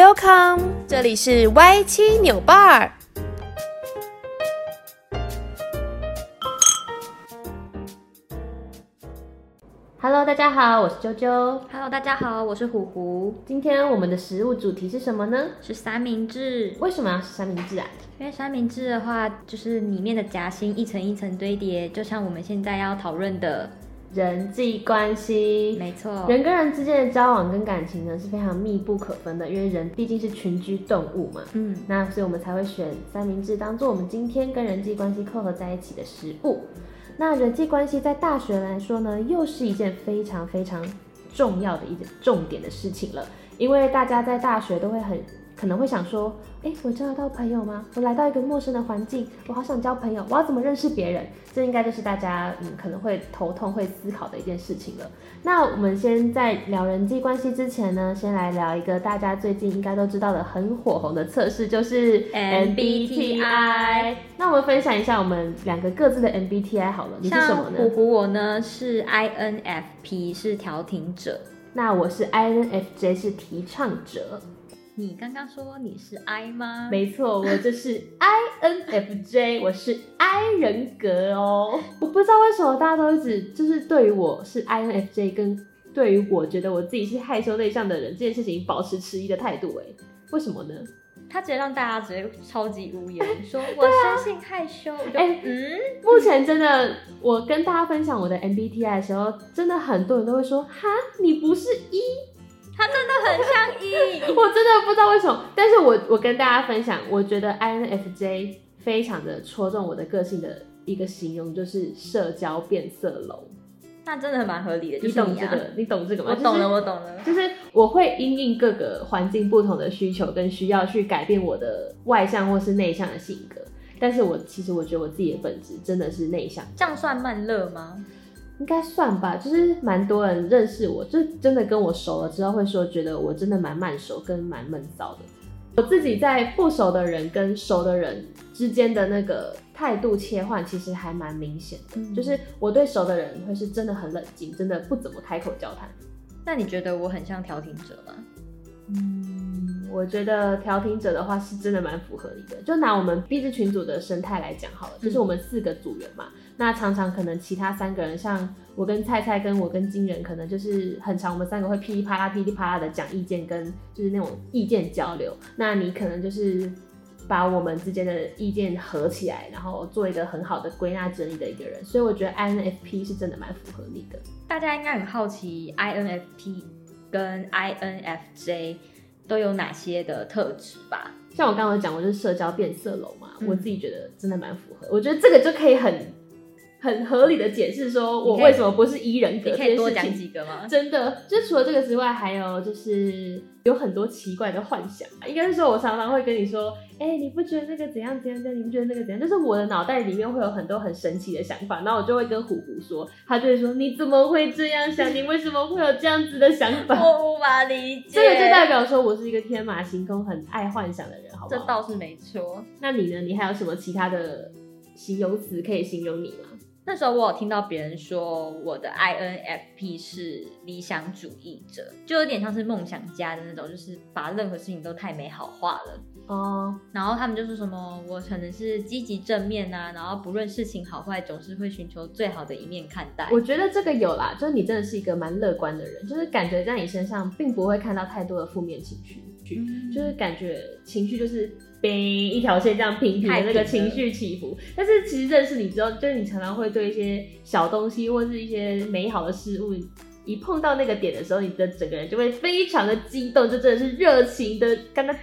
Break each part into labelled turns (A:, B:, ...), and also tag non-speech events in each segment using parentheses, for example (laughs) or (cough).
A: Welcome，這裡是 Y 七扭伴兒。Hello，大家好，我是啾啾。Hello，大家好，我是虎虎。今天啊，我們的食物主題是什麼呢？是
B: 三明治。為什麼是三明治啊？因為三明治的話，就是裡面的夾心一層一層堆疊，就像我們現在要討論的。人際關係，沒錯，人跟
A: 人之間的交往跟感情呢，是非常密不可分的，因為人畢竟是群居動物嘛。嗯，那所以我們才會選三明治當做我們今天跟人際關係扣合在一起的食物。那人際關係在大學來說呢，又是一件非常非常重要的一件重點的事情了，因為大家在大學都會很。可能會想說，哎，我交得到朋友嗎？我來到一個陌生的環境，我好想交朋友，我要怎麼認識別人？這應該就是大家嗯可能會頭痛、會思考的一件事情了。那我們先在聊人際關係之前呢，先來聊一個大家最近應該都知道的很火紅的測試，就是 MBTI。MBTI。那我們分享一下我們兩個各自的 MBTI 好了，像你是什麼呢？我，我呢是 INFP 是調停者，那我是 INFJ 是提倡者。你剛剛說
B: 你是 I 嗎？沒
A: 錯，我就是 I N F J， (laughs) 我是 I 人格哦、喔。 (laughs) 我不知道為什麼大家都一直就是對於我是 I N F J 跟對於我覺得我自己是害羞內向的人這件事情保持遲疑的態度哎、欸，為什麼呢？
B: 他直接讓大家直接超級無言，說、欸啊、我生性害羞。欸、嗯，
A: 目前真的， (laughs) 我跟大家分享我的 M B T I 的時候，真的很多人都會說哈，你不是一、E？他真的很像一， (laughs) 我真的不知道為什麼，但是我我跟大家分享，我覺得 INFJ 非常的戳中我的個性的一個形容，就是社交變色龍。
B: 那真的蠻合理的，你懂這個？你
A: 懂，你，啊、你懂這個嗎？我懂了，就是、我懂了。就是我會因應各個環境不同的需求跟需要，去改變我的外向或是內向的性格。但是我其實我覺得我自己的本質真的是內向，這樣算慢熱嗎？應該算吧，就是蠻多人認識我，就真的跟我熟了之後會說，覺得我真的蠻慢熟跟蠻悶騷的。我自己在不熟的人跟熟的人之間的那個態度切換，其實還蠻明顯的，嗯，就是我對熟的人會是真的很冷靜，真的不怎麼開口交談。那你覺得我很像調停者嗎？嗯，我覺得調停者的話是真的蠻符合你的。就拿我們 B 字群組的生態來講好了，就是我們四個組員嘛。那常常可能其他三個人，像我跟蔡蔡跟我跟金人，可能就是很常我們三個會噼里啪啦噼里啪啦的講意見，跟就是那種意見交流。那你可能就是把我們之間的意見合起來，然後做一個很好的歸納整理的一個人。所以我覺得 INFP 是真的蠻符合你的。大家應該很好奇
B: INFP 跟 INFJ
A: 都有哪些的特質吧？像我剛剛講，就是社交變色龍嘛，嗯，我自己覺得真的蠻符合。我覺得這個就可以很。很合理的解釋，說我為什麼不是一人格？可以多講幾個嗎？真的，就除了這個之外，還有就是有很多奇怪的幻想。應該是說我常常會跟你說：“哎，你不覺得那個怎樣怎樣？你不覺得那個怎樣？”就是我的腦袋裡面會有很多很神奇的想法，然後我就會跟虎虎說，他就會說：“你怎麼會這樣想？你為什麼會有這樣子的想法？”我
B: 無法理解。這個就代
A: 表說我是一個天馬行空、很愛幻想的人，好不好？這倒是沒錯。那你呢？你還有什麼其他的形容詞可以形容你嗎？那時候我有聽到別
B: 人說我的 INFP 是理想主義者，就有點像是夢想家的那種，就是把任何事情都太美好化了。哦，oh。然後他們就說什麼我可能是積極正面啊，然後不論事情好壞，總是會尋求最好的一面看待。我覺
A: 得這個有啦，就是你真的是一個蠻樂觀的人，就是感覺在你身上並不會看到太多的負面情緒，就是感覺情緒就是。冰一條線這樣平平的那個情緒起伏，但是其實認識你之後，就是你常常會對一些小東西或是一些美好的事物，一碰到那個點的時候，你的整個人就會非常的激動，就真的是熱情的，剛剛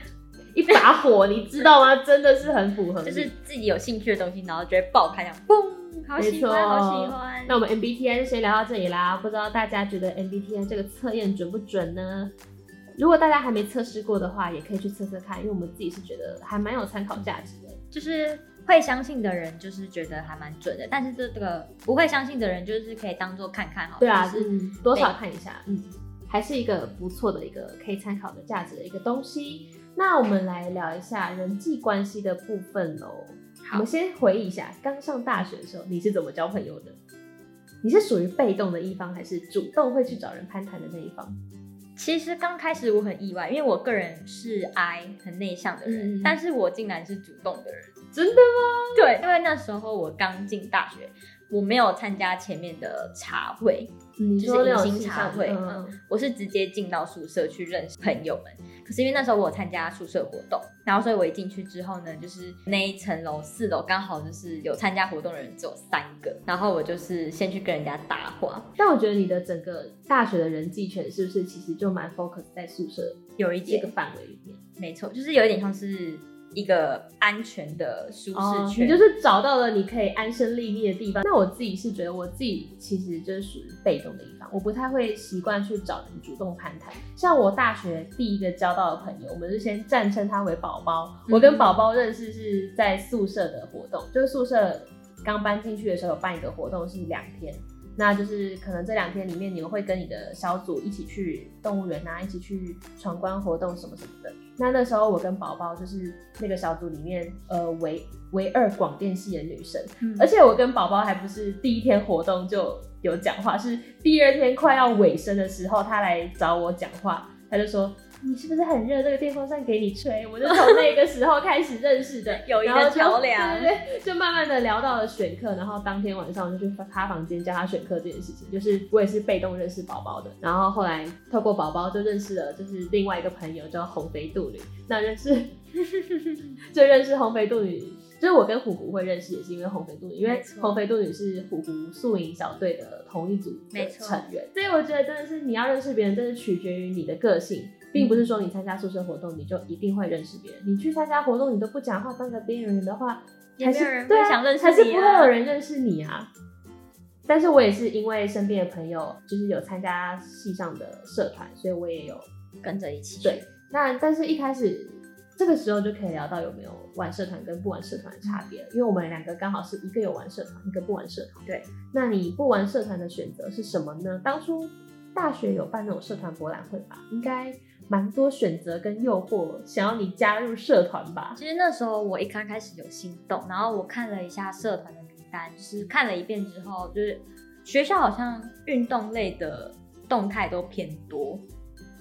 A: 一把火， (laughs) 你知道嗎？真的是很符合，就是自己有興趣的東西，然後就會爆開這樣，要嘣，好喜歡，沒錯。好喜歡。那我們 MBTI 就先聊到這裡啦，不知道大家覺得 MBTI 這個測驗準不準呢？如果大家還沒測試過的話，也可以去測測看，因為我們自己是覺得還蠻有參考價值的，就是會相信的人就是覺得還蠻
B: 準的，但是這個不會相信的人就是可以當做看看好。對啊，是、嗯、多少看一下，
A: 嗯，還是一個不錯的一個可以參考的價值的一個東西。那我們來聊一下人際關係的部分嘍。好我們先回憶一下，剛上大學的時候你是怎麼交朋友的？你是屬於被動的一方，還是主動會去找人攀談的那一方？其實剛開始我很意外，因為我個人是 I 很內
B: 向的人，嗯嗯，但是我竟然是主動的人。真的嗎？對，因為那時候我剛進大學，我沒有參加前面的茶會。
A: 嗯、就是那種新茶會，嗯
B: 嗯、我是直接進到宿舍去認識朋友們。可是因為那時候我有參加宿舍活動，然後所以我一進去之後呢，就是那一層樓四樓剛好就是有參加活動的人
A: 只有三個，然後我就是先去跟人家搭話。但我覺得你的整個大學的人際圈是不是其實就蠻 focus 在宿舍，有一點這個範圍裡面？沒錯，就是有一點像是。嗯一個安全的舒適區、哦，你就是找到了你可以安身立命的地方。那我自己是覺得我自己其實就是屬於被動的一方，我不太會習慣去找人主動攀談。像我大學第一個交到的朋友，我們就先暫稱他為寶寶。嗯、哼我跟寶寶認識是在宿舍的活動，就是宿舍剛搬進去的時候有辦一個活動是兩天，那就是可能這兩天裡面你們會跟你的小組一起去動物園啊，一起去闖關活動什麼什麼的。那那時候，我跟寶寶就是那個小組裡面，呃，唯唯二廣電系的女生，嗯、而且我跟寶寶還不是第一天活動就有講話，是第二天快要尾聲的時候，他來找我講話，他就說。你是不是很熱？這個電風扇給你吹。我就從那個時候開始認識的， (laughs) 有一個橋樑，對，對對，就慢慢的聊到了選課，然後當天晚上就去他房間叫他選課這件事情，就是我也是被動認識寶寶的，然後後來透過寶寶就認識了，就是另外一個朋友叫紅肥肚女，那認、就、識、是，就認識紅肥肚女，就是我跟虎虎會認識，也是因為紅肥肚女，因為紅肥肚女是虎虎宿營小隊的同一組成員，沒錯。所以我覺得真的是你要認識別人，真、就、的、是、取決於你的個性。並不是說你參加宿舍活動，你就一定會認識別人。你去參加活動，你都不講話，當個邊緣人的話，還是想認識你啊，對啊，還是不會有人認識你啊。但是我也是因為身邊的朋友就是有參加系上的社團，所以我也有跟着一起。對，那但是一開始這個時候就可以聊到有沒有玩社團跟不玩社團的差別了、嗯、因為我們兩個剛好是一個有玩社團，一個不玩社團。對，那你不玩社團的選擇是什麼呢？當初大學有辦那種社團博覽會吧，應該。蠻多選擇跟誘惑，想要你加入社團吧？其
B: 實那時候我一剛開始有心動，然後我看了一下社團的名單，就是看了一遍之後，就是學校好像運動類的動態都偏多，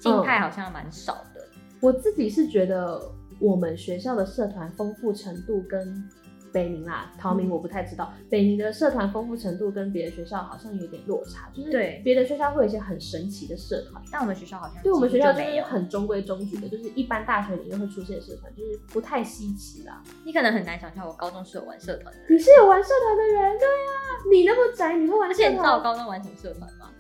A: 靜態好
B: 像蠻少的、嗯。
A: 我自己是覺得我們學校的社團豐富程度跟北明啦，陶明我不太知道。嗯、北明的社團豐富程度跟別的學校好像有點落差，對就是對別的學校會有一些很神奇的社團，但我們學校好像對我們學校這邊是很中規中矩的，就是一般大學裡面會出現社團，
B: 就是不太稀奇啦。你可能很難想象，我高中是有玩社團
A: 的。你是有玩社團的人，對呀、啊，你那麼宅，你會玩社團？現在高中玩什麼社團嗎？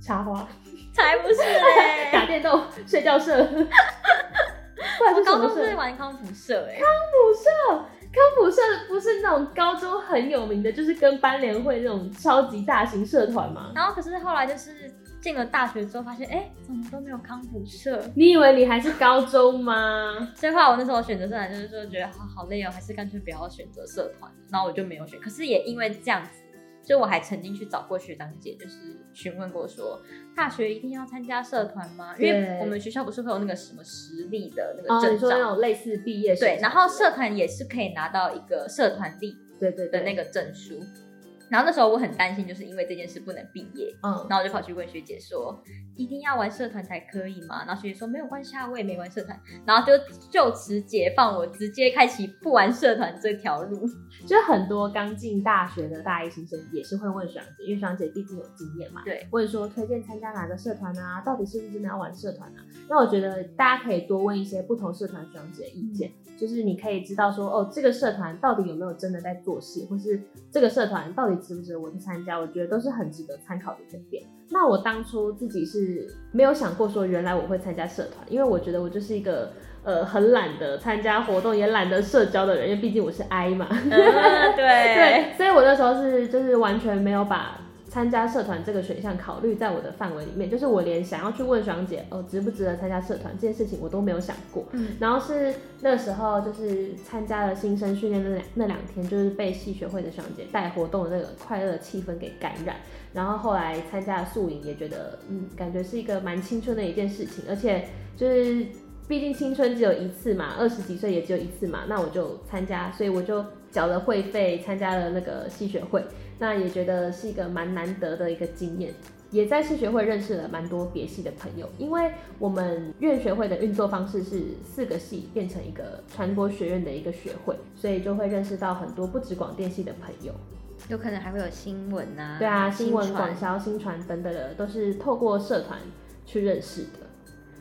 A: 插花，才不是嘞！ (laughs) 打電動、 (laughs) 睡覺社， (laughs) 是社我高中是在玩康輔社、欸、社，哎，康輔社。康普社，不是那種高中很有名的，就是跟班聯會那種超級大型社團嘛。
B: 然後可是後來就是進了大學之後，發現哎、欸，怎麼都沒有康普社？
A: 你以為你還是高中嗎？ (laughs) 所以後
B: 來我那時候選擇社團就是說覺得好累哦、喔，還是乾脆不要選擇社團。然後我就沒有選，可是也因為這樣子。就我還曾經去找過學長姐，就是詢問過說，大學一定要參加社團嗎？對因為我們學校不是會有那個什麼實力的那個證照，
A: 哦、類似畢業對，
B: 然後社團也是可以拿到一個社團力對對的那個證書。對對對對。然後那時候我很擔心，就是因為這件事不能畢業。嗯，然後我就跑去問學姐說：“一定要玩社團才可以嗎？”然後學姐說：“沒有關係啊，我也沒玩社團。”然後就就此解放我，直接開啟不玩社團這條路。就是很多剛進大
A: 學的大一新生也是會問學姐，因為學姐畢竟有經驗嘛。對，或者說推薦參加哪個社團啊？到底是不是真的要玩社團啊？那我覺得大家可以多問一些不同社團學姐的意見，嗯、就是你可以知道說哦，這個社團到底有沒有真的在做事，或是這個社團到底。是不是我去參加？我覺得都是很值得參考的點。那我當初自己是沒有想過說，原來我會參加社團，因為我覺得我就是一個呃很懶得參加活動也懶得社交的人，因為畢竟我是 I 嘛。嗯、對 (laughs) 對，所以我那時候是就是完全沒有把。參加社團這個選項考慮在我的範圍裡面，就是我連想要去問爽姐哦，值不值得參加社團這件事情我都沒有想過。嗯、然後是那時候就是參加了新生訓練那兩那兩天，就是被系學會的爽姐帶活動的那個快樂氣氛給感染。然後後來參加了宿營，也覺得嗯，感覺是一個蠻青春的一件事情，而且就是畢竟青春只有一次嘛，二十幾歲也只有一次嘛，那我就參加，所以我就繳了會費參加了那個系學會。那也覺得是一個蠻難得的一個經驗，也在系學會認識了蠻多別系的朋友。因為我們院學會的運作方式是四個系變成一個傳播學院的一個學會，所以就會認識到很多不止廣電系的朋友，
B: 有可能還會有新聞啊，對啊，新聞、轉
A: 銷傳、新傳等等的，都是透過社團去認識的。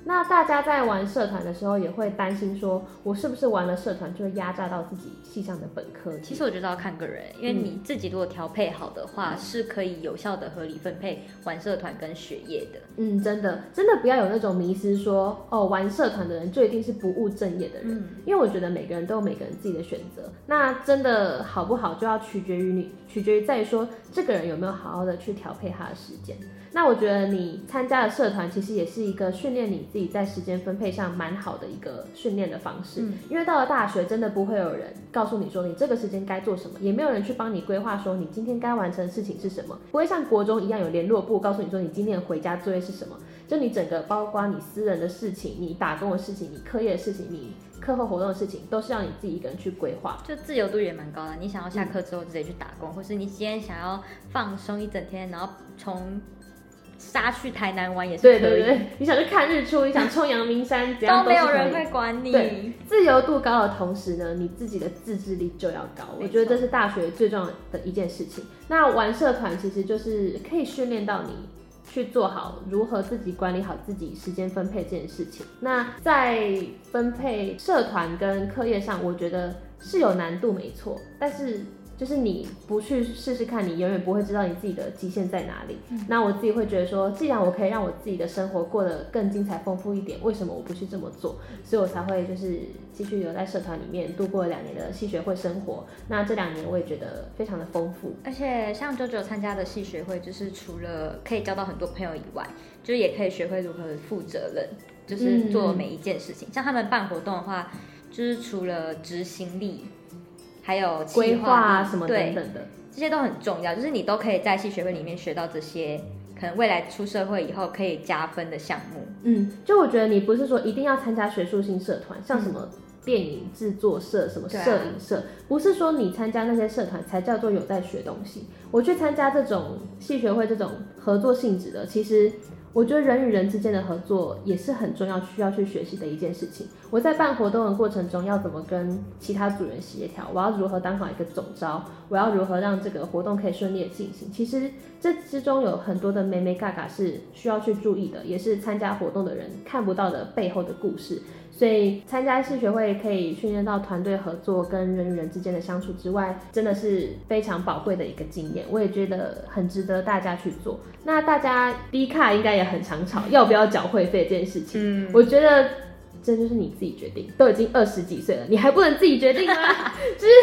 A: 那大家在玩社團的時候，也會擔心說，我是不是玩了社團就會壓榨到自己系上的本科？其實我覺得要看個人，因為你自
B: 己如果調配好的話，嗯、是可以有效的合理分配玩社團跟學業的。
A: 嗯，真的，真的不要有那種迷思，說哦，玩社團的人就一定是不務正業的人。嗯、因為我覺得每個人都有每個人自己的選擇，那真的好不好，就要取決於你，取決於在於說這個人有沒有好好的去調配他的時間。那我覺得你參加了社團，其實也是一個訓練你自己在時間分配上蠻好的一個訓練的方式。因為到了大學，真的不會有人告訴你說你這個時間該做什麼，也沒有人去幫你規劃說你今天該完成的事情是什麼，不會像國中一樣有聯絡簿告訴你說你今天的回家作業是什麼。就你整個，包括你私人的事情、你打工的事情、你課業的事情、你課後活動的事情，都是要你自己一個人去規劃。就自由度也蠻高的，你想要下課之後直接去打工，嗯、
B: 或是你今天想要放鬆一整天，然後從。殺去台南玩
A: 也是可以。對對對，你想去看日出，你想衝陽明山，都,都沒有人會管你。自由度高的同時呢，你自己的自制力就要高。對，我覺得這是大學最重要的一件事情。沒錯。那玩社團其實就是可以訓練到你去做好如何自己管理好自己時間分配這件事情。那在分配社團跟課業上，我覺得是有難度，沒錯，但是。就是你不去試試看，你永遠不會知道你自己的極限在哪裡。嗯、那我自己會覺得說，既然我可以讓我自己的生活過得更精彩、豐富一點，為什麼我不去這麼做？所以，我才會就是繼續留在社團裡面度過兩年的系學會生活。那這兩年我也覺得非常的豐富。
B: 而且，像 Jojo 參加的系學會，就是除了可以交到很多朋友以外，就是、也可以學會如何負責任，就是做每一件事情。嗯、像他們辦活動的話，就是除了執行力。還有規劃、啊、什麼等等的，這些都很重要。就是你都可以在系學會裡面學到這些，可能未來出社會以後可以
A: 加分的項目。嗯，就我覺得你不是說一定要參加學術性社團，嗯、像什麼電影製作社、什麼攝影社，啊、不是說你參加那些社團才叫做有在學東西。我去參加這種系學會這種合作性質的，其實。我覺得人與人之間的合作也是很重要、需要去學習的一件事情。我在辦活動的過程中，要怎麼跟其他組員協調？我要如何當好一個總召？我要如何讓這個活動可以順利地進行？其實這之中有很多的眉眉角角是需要去注意的，也是參加活動的人看不到的背後的故事。所以參加系學會可以訓練到團隊合作跟人與人之間的相處之外，真的是非常寶貴的一個經驗，我也覺得很值得大家去做。那大家 D 卡應該也很常吵 (laughs) 要不要繳會費這件事情。嗯，我覺得這就是你自己決定。都已經二十幾歲了，你還不能自己決定嗎？ (laughs) 就是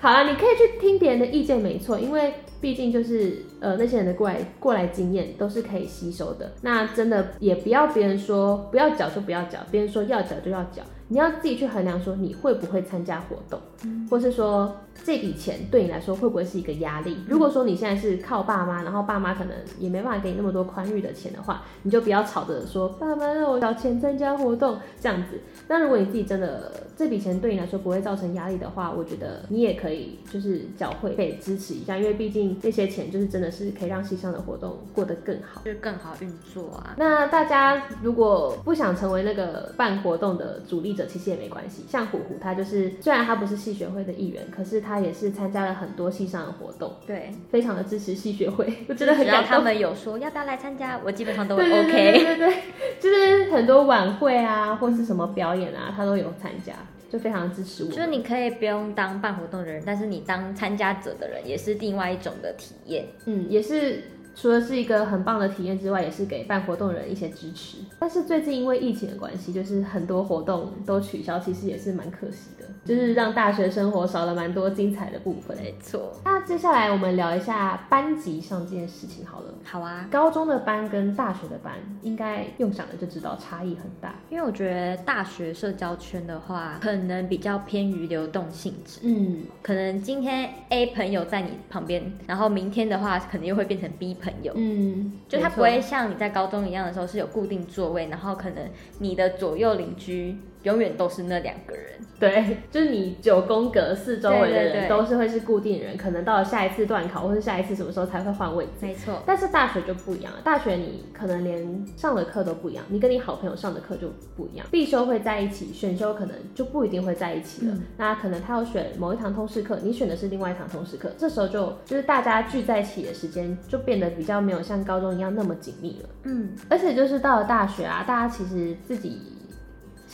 A: 好啊，你可以去聽別人的意見，沒錯，因為。畢竟就是呃那些人的過來過來經驗都是可以吸收的，那真的也不要別人說不要繳就不要繳，別人說要繳就要繳，你要自己去衡量說你會不會參加活動，嗯、或是說這筆錢對你來說會不會是一個壓力。如果說你現在是靠爸媽，然後爸媽可能也沒辦法給你那麼多寬裕的錢的話，你就不要吵着說爸媽讓我交錢參加活動這樣子。那如果你自己真的這筆錢對你來說不會造成壓力的話，我覺得你也可以就是繳會費支持一下，因為畢竟。這些錢就是真的是可以讓系上的活動過得更好，就是更好運作啊。那大家如果不想成為那個辦活動的主力者，其實也沒關係。像虎虎他就是，雖然他不是系學會的一員，可是他也是參加了很多系上的活動，對，非常的支持系學會。我真的很感動。只要他們
B: 有說要不要來參加，我基本上都 OK。對對，對對對，
A: 就是很多晚會啊，或是什麼表演啊，他都有參加。就非常支持我，就是你
B: 可以不用當辦活動的人，但是你當參加者的人也是另外一種的體
A: 驗。嗯，也是除了是一個很棒的體驗之外，也是給辦活動的人一些支持。但是最近因為疫情的關係，就是很多活動都取消，其實也是蠻可惜。就是讓大學生活少了蠻多精彩的部分沒錯。那接下來我們聊一下班級上這件事情好了。好啊。高中的班跟大學的班，應該用想的就知道差異很大。因為我覺得大學社交圈的話，可
B: 能比較偏於流動性質。嗯。可能今天 A 朋友在你旁邊，然後明天的話，可能又會變成 B 朋友。嗯。
A: 就他不會
B: 像你在高中一樣的時候是有固定座位，然後可能你的左右鄰居，永遠都是那兩個人，
A: 對，就是你九宮格四周圍的人，對對對，都是會是固定人。對對對，可能到了下一次段考或者下一次什麼時候才會換位置，沒錯錯。但是大學就不一樣了，大學你可能連上的課都不一樣，你跟你好朋友上的課就不一樣，必修會在一起，選修可能就不一定會在一起了。嗯、那可能他要選某一堂通識課，你選的是另外一堂通識課，這時候就就是大家聚在一起的時間就變得比較沒有像高中一樣那麼緊密了。嗯，而且就是到了大學啊，大家其實自己。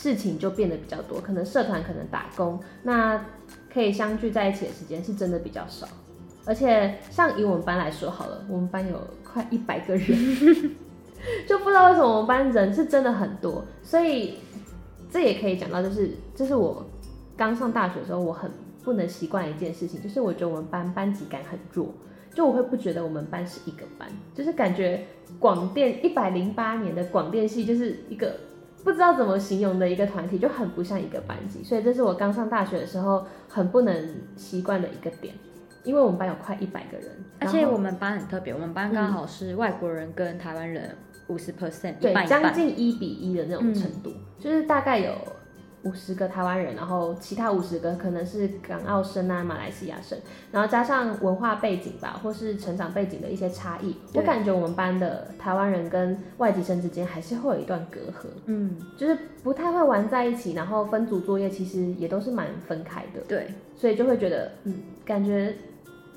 A: 事情就變得比較多，可能社團，可能打工，那可以相聚在一起的時間是真的比較少。而且，像以我們班來說好了，我們班有快一百個人， (laughs) 就不知道為什麼我們班人是真的很多。所以，這也可以講到，就是，就是這是我剛上大學的時候，我很不能習慣一件事情，就是我覺得我們班班級感很弱，就我會不覺得我們班是一個班，就是感覺廣電一百零八年的廣電系就是一個。不知道怎麼形容的一個團體，就很不像一個班級，所以這是我剛上大學的時候很不能習慣的一個點。因為我們班有快一百個人，而且我們班很特別，我們班剛好是外國人跟台灣人五十 percent，對，將近一比一的那種程度，嗯、就是大概有。五十個台灣人，然後其他五十個可能是港澳生啊、馬來西亞生，然後加上文化背景吧，或是成長背景的一些差異，對我感覺我們班的台灣人跟外籍生之間還是會有一段隔閡，嗯，就是不太會玩在一起，然後分組作業其實也都是蠻分開的，對，所以就會覺得，嗯，感覺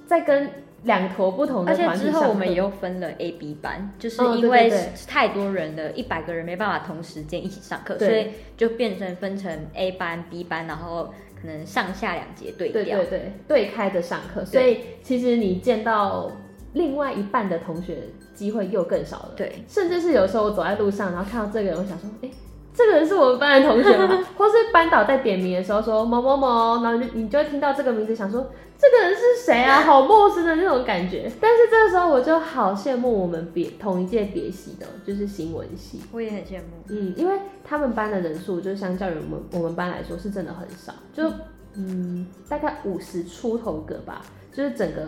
A: 在跟。兩坨不同的，而且之後我們也又
B: 分了 A、B 班，嗯、就是因為是太多人了，一百個人沒辦法同時間一起上課，對所以就變成分成 A 班、B 班，然
A: 後可能上下兩節對調，對對對，對開的上課，所以其實你見到另外一半的同學機會又更少了，對，對甚至是有時候我走在路上，然後看到這個人，我想說，哎、欸。這個人是我們班的同學嗎？ (laughs) 或是班導在點名的時候說某某某，然後你就,你就會聽到這個名字，想說這個人是誰啊？好陌生的那種感覺。但是這個時候我就好羨慕我們別同一屆別系的，就是新聞系。我也很羨慕，嗯，因為他們班的人數就相較於我們我們班來說是真的很少，就嗯,嗯大概五十出頭個吧，就是整個。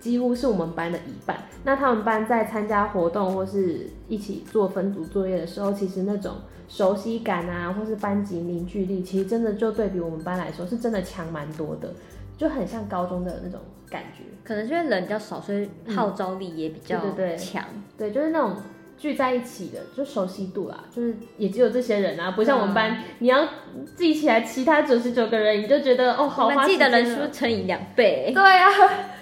A: 幾乎是我們班的一半。那他們班在參加活動或是一起做分組作業的時候，其實那種熟悉感啊，或是班級凝聚力，其實真的就對比我們班來說，是真的強蠻多的，就很像高中的那種感覺。可能是因為人比較少，所以號召力也比較強，嗯。對，就是那種聚在一起的，就熟悉度啦，就是也只有這些人啊，不像我們班，嗯、你要記起來其他九十九個人，你就覺得哦、喔，好難記的人數乘以兩倍。對啊，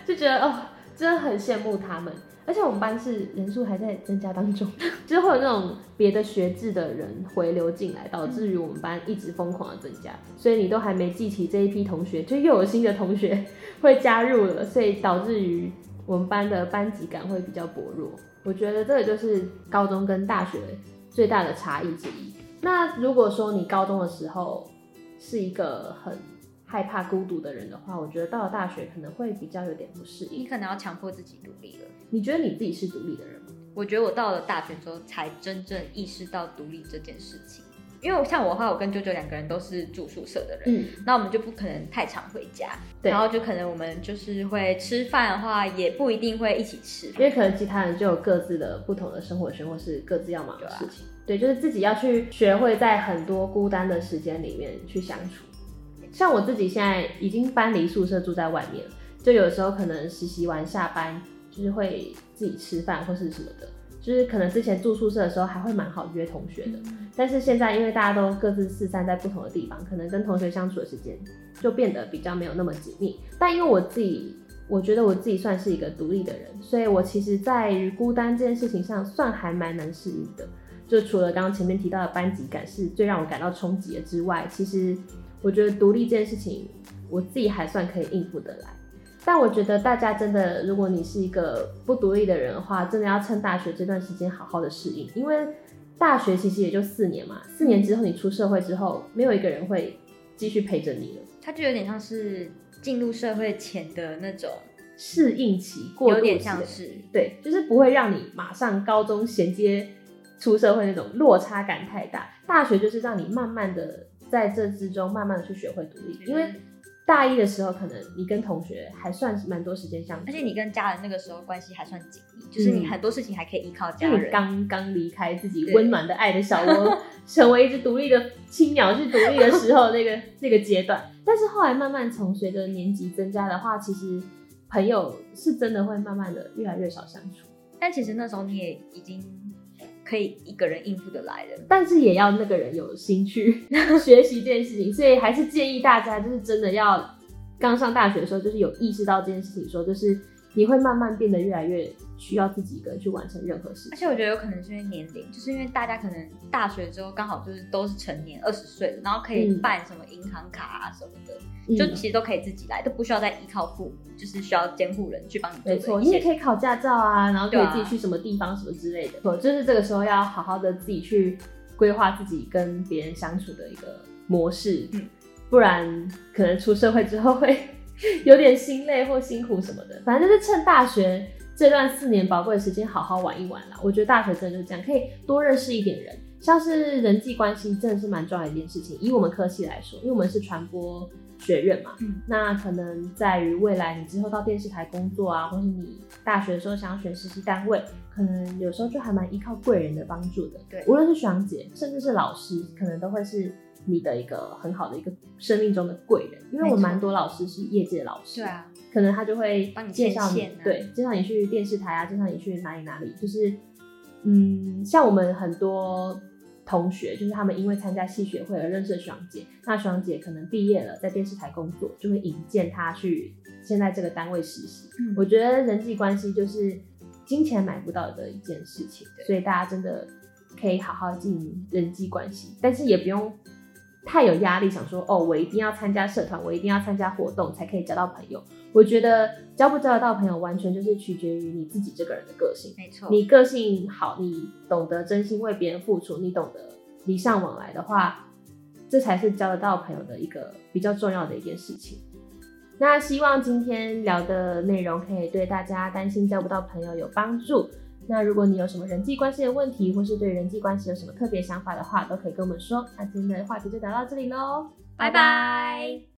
A: 就覺得哦。喔真的很羨慕他們，而且我們班是人數還在增加當中，就會有那種別的學制的人回流進來，導致於我們班一直瘋狂的增加，所以你都還沒記起這一批同學，就又有新的同學會加入了，所以導致於我們班的班級感會比較薄弱。我覺得這個就是高中跟大學最大的差異之一。那如果說你高中的時候是一個很害怕孤獨的人的話，我覺得到了大學可能會比較有點不適應。你可能要強迫自己獨立了。你覺得你自己是獨立的人嗎？我覺得我到了大學之後才真正
B: 意識到獨立這件事情。因為像我的話，我跟舅舅兩個人都是住宿舍的人，嗯，那我們就不可能太常回家。對。然後就可能我們就是會吃飯的話，也
A: 不一定會一起吃，因為可能其他人就有各自的不同的生活圈，或是各自要忙的事情。對啊。對，就是自己要去學會在很多孤單的時間裡面去相處。像我自己現在已經搬離宿舍住在外面，就有時候可能實習完下班，就是會自己吃飯或是什麼的，就是可能之前住宿舍的時候還會蠻好約同學的，但是現在因為大家都各自四散在不同的地方，可能跟同學相處的時間就變得比較沒有那麼緊密。但因為我自己，我覺得我自己算是一個獨立的人，所以我其實在於孤單這件事情上，算還蠻能適應的。就除了剛剛前面提到的班級感是最讓我感到衝擊的之外，其實我覺得獨立這件事情，我自己還算可以應付得來。但我覺得大家真的，如果你是一個不獨立的人的話，真的要趁大學這段時間好好的適應，因為大學其實也就四年嘛，嗯、四年之後你出社會之後，沒有一個人會繼續陪着你了。它
B: 就有點像是進入社會前的那種
A: 適應期，
B: 過渡期，
A: 對，就是不會讓你馬上高中銜接。出社會那種落差感太大，大學就是讓你慢慢的在這之中，慢慢的去學會獨立。因為大一的時候，可能你跟同學還算是蠻多時間相處，而且你跟家人那個時候關係還算緊密，就是你很多事情還可以依靠家人。嗯、而且你剛剛離開自己溫暖的愛的小窩，對 (laughs) 成為一只獨立的青鳥去獨立的時候，那個 (laughs) 那個階段。但是後來慢慢從隨着年級增加的話，其實朋友是真的會慢慢的越來越少相處。但其實那時候你也已經。可以一個人應付得來的，但是也要那個人有心去，然後學習這件事情，所以還是建議大家，就是真的要剛上大學的時候，就是有意識到這件事情，說就是。你會慢慢變得越來越需要自己一個人去完成任何事情，而
B: 且我覺得有可能是因為年齡，就是因為大家可能大學之後剛好就是都是成年，二十歲，然後可以辦什麼銀行卡啊什麼的，嗯、就其實都可以自己來，都不需要再依靠父母，就是需要監護人去幫
A: 你做這一些。你也可以考駕照啊，然後可以自己去什麼地方什麼之類的。對、啊，就是這個時候要好好的自己去規劃自己跟別人相處的一個模式，嗯、不然可能出社會之後會。 (laughs) 有點心累或辛苦什麼的，反正就是趁大學這段四年寶貴的時間好好玩一玩啦。我覺得大學真的就是這樣，可以多認識一點人，像是人際關係真的是蠻重要的一件事情。以我們科系來說，因為我們是傳播學院嘛，嗯，那可能在於未來你之後到電視台工作啊，或是你大學的時候想要選實習單位，可能有時候就還蠻依靠貴人的幫助的。對，無論是學長姐，甚至是老師，可能都會是。你的一個很好的一個生命中的貴人，因為我蠻多老師是業界老師，對啊，可能他就會幫你介紹你，你啊、對，介紹你去電視台啊，介紹你去哪裡哪裡，就是，嗯，像我們很多同學，就是他們因為參加系學會而認識爽姐，那爽姐可能畢業了，在電視台工作，就會引薦他去現在這個單位實習。嗯、我覺得人際關係就是金錢買不到的一件事情，所以大家真的可以好好經營人際關係，但是也不用。太有壓力，想說哦，我一定要參加社團，我一定要參加活動，才可以交到朋友。我覺得交不交得到朋友，完全就是取決於你自己這個人的個性。沒錯，你個性好，你懂得真心為別人付出，你懂得禮尚往來的話，這才是交得到朋友的一個比較重要的一件事情。那希望今天聊的內容可以對大家擔心交不到朋友有幫助。那如果你有什麼人際關係的問題，或是對人際關係有什麼特別想法的話，都可以跟我們說。那今天的話題就聊到這裡嘍，拜拜。